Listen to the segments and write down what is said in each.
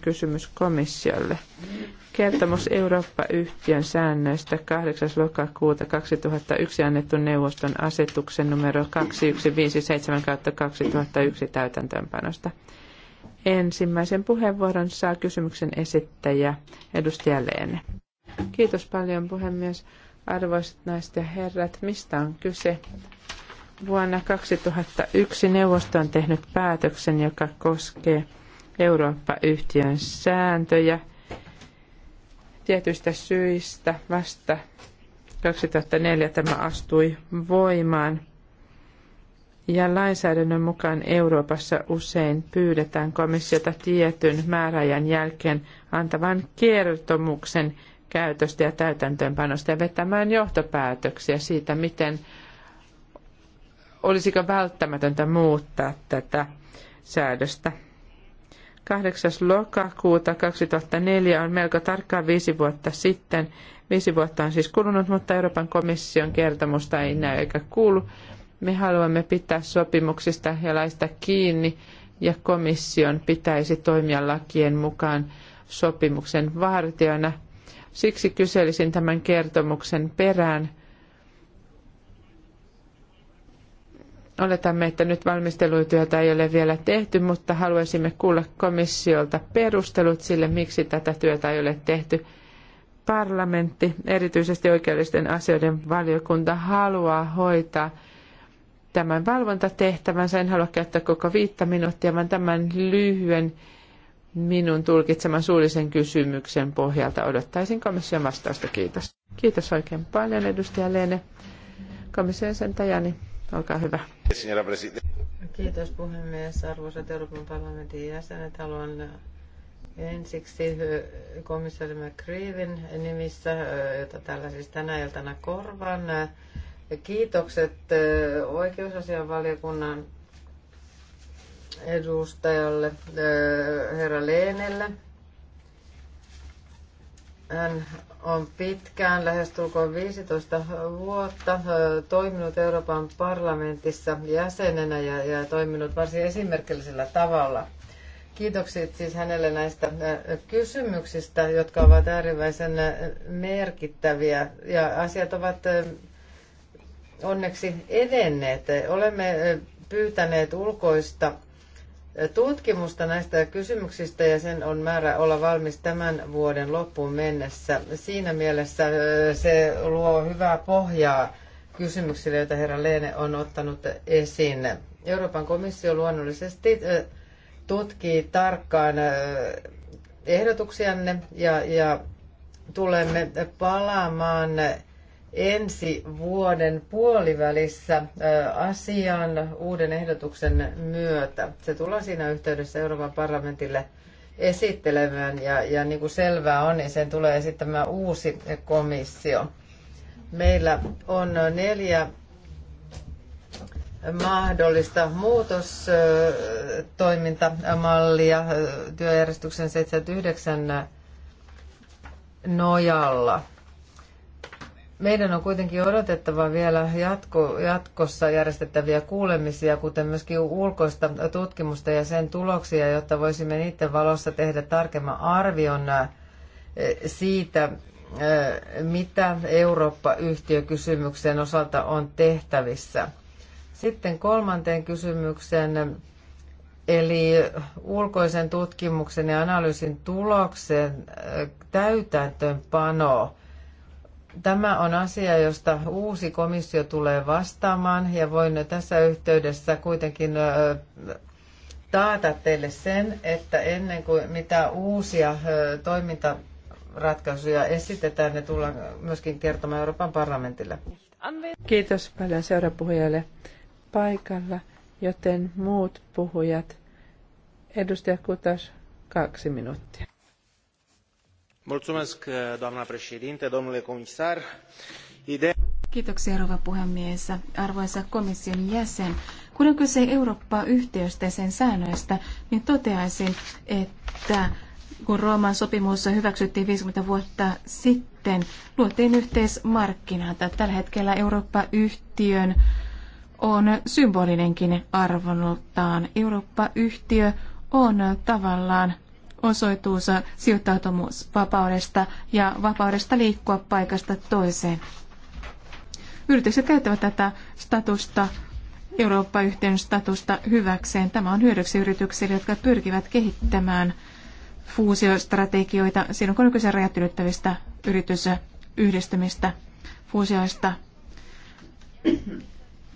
kysymys komissiolle. Kertomus Eurooppa-yhtiön säännöistä 8. lokakuuta 2001 annettu neuvoston asetuksen numero 2157-2001 täytäntöönpanosta. Ensimmäisen puheenvuoron saa kysymyksen esittäjä edustaja Leene. Kiitos paljon puhemies. Arvoisat naiset ja herrat, mistä on kyse? Vuonna 2001 neuvosto on tehnyt päätöksen, joka koskee – Eurooppa-yhtiön sääntöjä tietystä syistä vasta 2004 tämä astui voimaan. Ja lainsäädännön mukaan Euroopassa usein pyydetään komissiota tietyn määräajan jälkeen antavan kertomuksen käytöstä ja täytäntöönpanosta ja vetämään johtopäätöksiä siitä, miten olisiko välttämätöntä muuttaa tätä säädöstä. 8. lokakuuta 2004 on melko tarkkaan viisi vuotta sitten. Viisi vuotta on siis kulunut, mutta Euroopan komission kertomusta ei näy eikä kuulu. Me haluamme pitää sopimuksista ja laista kiinni ja komission pitäisi toimia lakien mukaan sopimuksen vartijana. Siksi kyselisin tämän kertomuksen perään – Oletamme, että nyt valmistelutyötä ei ole vielä tehty, mutta haluaisimme kuulla komissiolta perustelut sille, miksi tätä työtä ei ole tehty. Parlamentti, erityisesti oikeudellisten asioiden valiokunta, haluaa hoitaa tämän valvontatehtävänsä. En halua käyttää koko viittä minuuttia, vaan tämän lyhyen minun tulkitseman suullisen kysymyksen pohjalta odottaisin komission vastausta. Kiitos. Kiitos oikein paljon, edustaja Leene. Komission sen Tajani. Olkaa hyvä. Kiitos puhemies. Arvoisat Euroopan parlamentin jäsenet, haluan ensiksi eh, komissaari McCreevin nimissä, eh, jota täällä siis tänä iltana korvan. Kiitokset eh, oikeusasianvaliokunnan edustajalle herra Leenelle hän on pitkään, lähestulkoon 15 vuotta, toiminut Euroopan parlamentissa jäsenenä ja, ja toiminut varsin esimerkillisellä tavalla. Kiitokset siis hänelle näistä kysymyksistä, jotka ovat äärimmäisen merkittäviä ja asiat ovat onneksi edenneet. Olemme pyytäneet ulkoista tutkimusta näistä kysymyksistä ja sen on määrä olla valmis tämän vuoden loppuun mennessä. Siinä mielessä se luo hyvää pohjaa kysymyksille, joita herra Leene on ottanut esiin. Euroopan komissio luonnollisesti tutkii tarkkaan ehdotuksianne ja, ja tulemme palaamaan ensi vuoden puolivälissä asiaan uuden ehdotuksen myötä. Se tullaan siinä yhteydessä Euroopan parlamentille esittelemään ja, ja niin kuin selvää on, niin sen tulee esittämään uusi komissio. Meillä on neljä mahdollista muutostoimintamallia työjärjestyksen 79 nojalla – meidän on kuitenkin odotettava vielä jatko, jatkossa järjestettäviä kuulemisia, kuten myöskin ulkoista tutkimusta ja sen tuloksia, jotta voisimme niiden valossa tehdä tarkemman arvion eh, siitä, eh, mitä Eurooppa-yhtiökysymyksen osalta on tehtävissä. Sitten kolmanteen kysymykseen, eli ulkoisen tutkimuksen ja analyysin tuloksen eh, täytäntöönpano Tämä on asia, josta uusi komissio tulee vastaamaan ja voin tässä yhteydessä kuitenkin taata teille sen, että ennen kuin mitä uusia toimintaratkaisuja esitetään, ne tullaan myöskin kertomaan Euroopan parlamentille. Kiitos paljon seurapuhujalle paikalla, joten muut puhujat. Edustaja Kutas, kaksi minuuttia. Kiitoksia, rouva puhemies. Arvoisa komission jäsen, kun on kyse Eurooppa-yhtiöstä ja sen säännöistä, niin toteaisin, että kun Rooman sopimus hyväksyttiin 50 vuotta sitten, luotiin yhteismarkkinat. Tällä hetkellä Eurooppa-yhtiön on symbolinenkin arvonultaan. Eurooppa-yhtiö on tavallaan osoituus vapaudesta ja vapaudesta liikkua paikasta toiseen. Yritykset käyttävät tätä statusta, Eurooppa-yhteen statusta hyväkseen. Tämä on hyödyksi yrityksille, jotka pyrkivät kehittämään fuusiostrategioita silloin, kun on kyse rajat ylittävistä yritysyhdistymistä, fuusioista.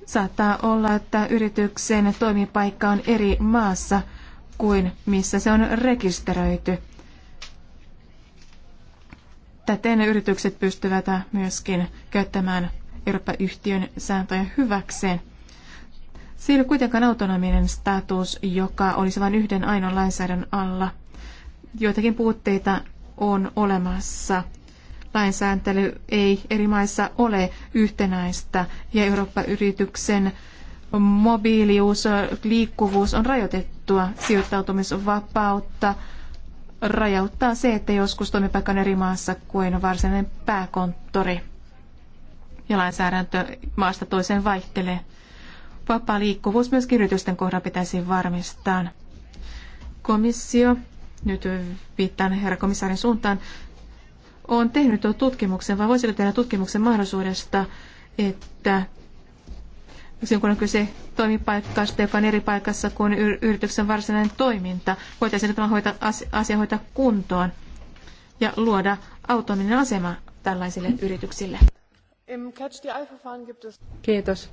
Saattaa olla, että yrityksen toimipaikka on eri maassa – kuin missä se on rekisteröity. Täten yritykset pystyvät myöskin käyttämään Euroopan yhtiön sääntöjä hyväkseen. Se ei ole kuitenkaan autonominen status, joka olisi vain yhden ainoan lainsäädännön alla. Joitakin puutteita on olemassa. Lainsääntely ei eri maissa ole yhtenäistä ja Eurooppa-yrityksen mobiilius, liikkuvuus on rajoitettua, sijoittautumisvapautta rajoittaa se, että joskus toimipaikka on eri maassa kuin varsinainen pääkonttori ja lainsäädäntö maasta toiseen vaihtelee. Vapaa liikkuvuus myös yritysten kohdalla pitäisi varmistaa. Komissio, nyt viittaan herra komissaarin suuntaan, on tehnyt tutkimuksen, vai voisiko tehdä tutkimuksen mahdollisuudesta, että silloin kun on kyse toimipaikasta, joka on eri paikassa kuin yrityksen varsinainen toiminta. Voitaisiin tämä asia hoitaa kuntoon ja luoda autonominen asema tällaisille yrityksille. Kiitos.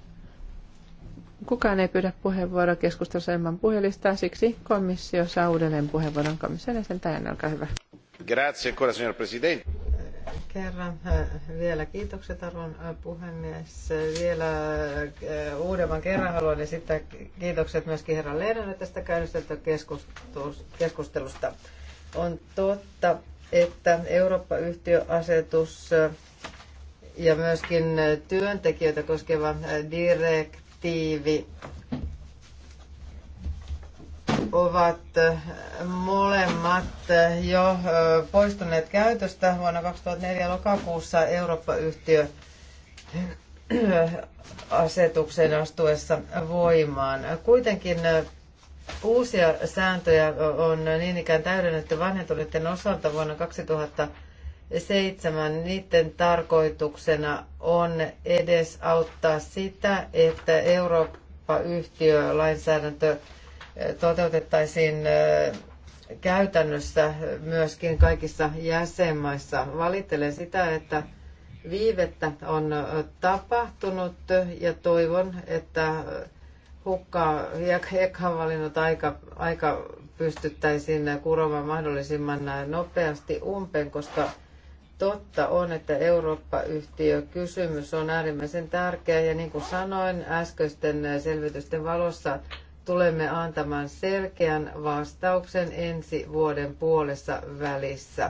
Kukaan ei pyydä puheenvuoroa keskustelussa ilman puhelistaa, siksi komissio saa uudelleen puheenvuoron komission jäsen Tajan, olkaa hyvä. Grazie ancora, signor Presidente kerran äh, vielä kiitokset arvon äh, puhemies. Vielä äh, uudemman kerran haluan esittää kiitokset myöskin herra Leenalle tästä käynnistetystä keskustelusta. On totta, että Eurooppa-yhtiöasetus ja myöskin työntekijöitä koskeva direktiivi ovat eh, molemmat eh, jo eh, poistuneet käytöstä vuonna 2004 lokakuussa Eurooppa-yhtiö asetuksen astuessa voimaan. Kuitenkin uusia sääntöjä on niin ikään täydennetty vanhentuneiden osalta vuonna 2007. Niiden tarkoituksena on edesauttaa sitä, että Eurooppa-yhtiölainsäädäntö lainsäädäntö toteutettaisiin käytännössä myöskin kaikissa jäsenmaissa. Valittelen sitä, että viivettä on tapahtunut ja toivon, että hukkaa ja ekan valinnut aika, aika pystyttäisiin kuromaan mahdollisimman nopeasti umpeen, koska totta on, että Eurooppa-yhtiö kysymys on äärimmäisen tärkeä ja niin kuin sanoin äskeisten selvitysten valossa, tulemme antamaan selkeän vastauksen ensi vuoden puolessa välissä.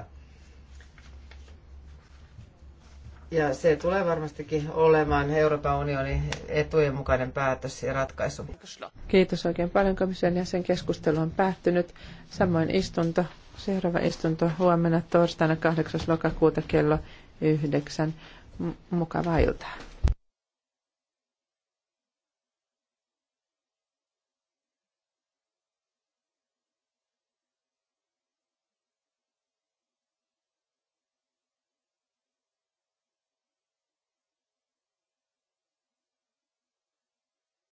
Ja se tulee varmastikin olemaan Euroopan unionin etujen mukainen päätös ja ratkaisu. Kiitos oikein paljon komission jäsen. Keskustelu on päättynyt. Samoin istunto, seuraava istunto huomenna torstaina 8. lokakuuta kello 9. M- mukavaa iltaa.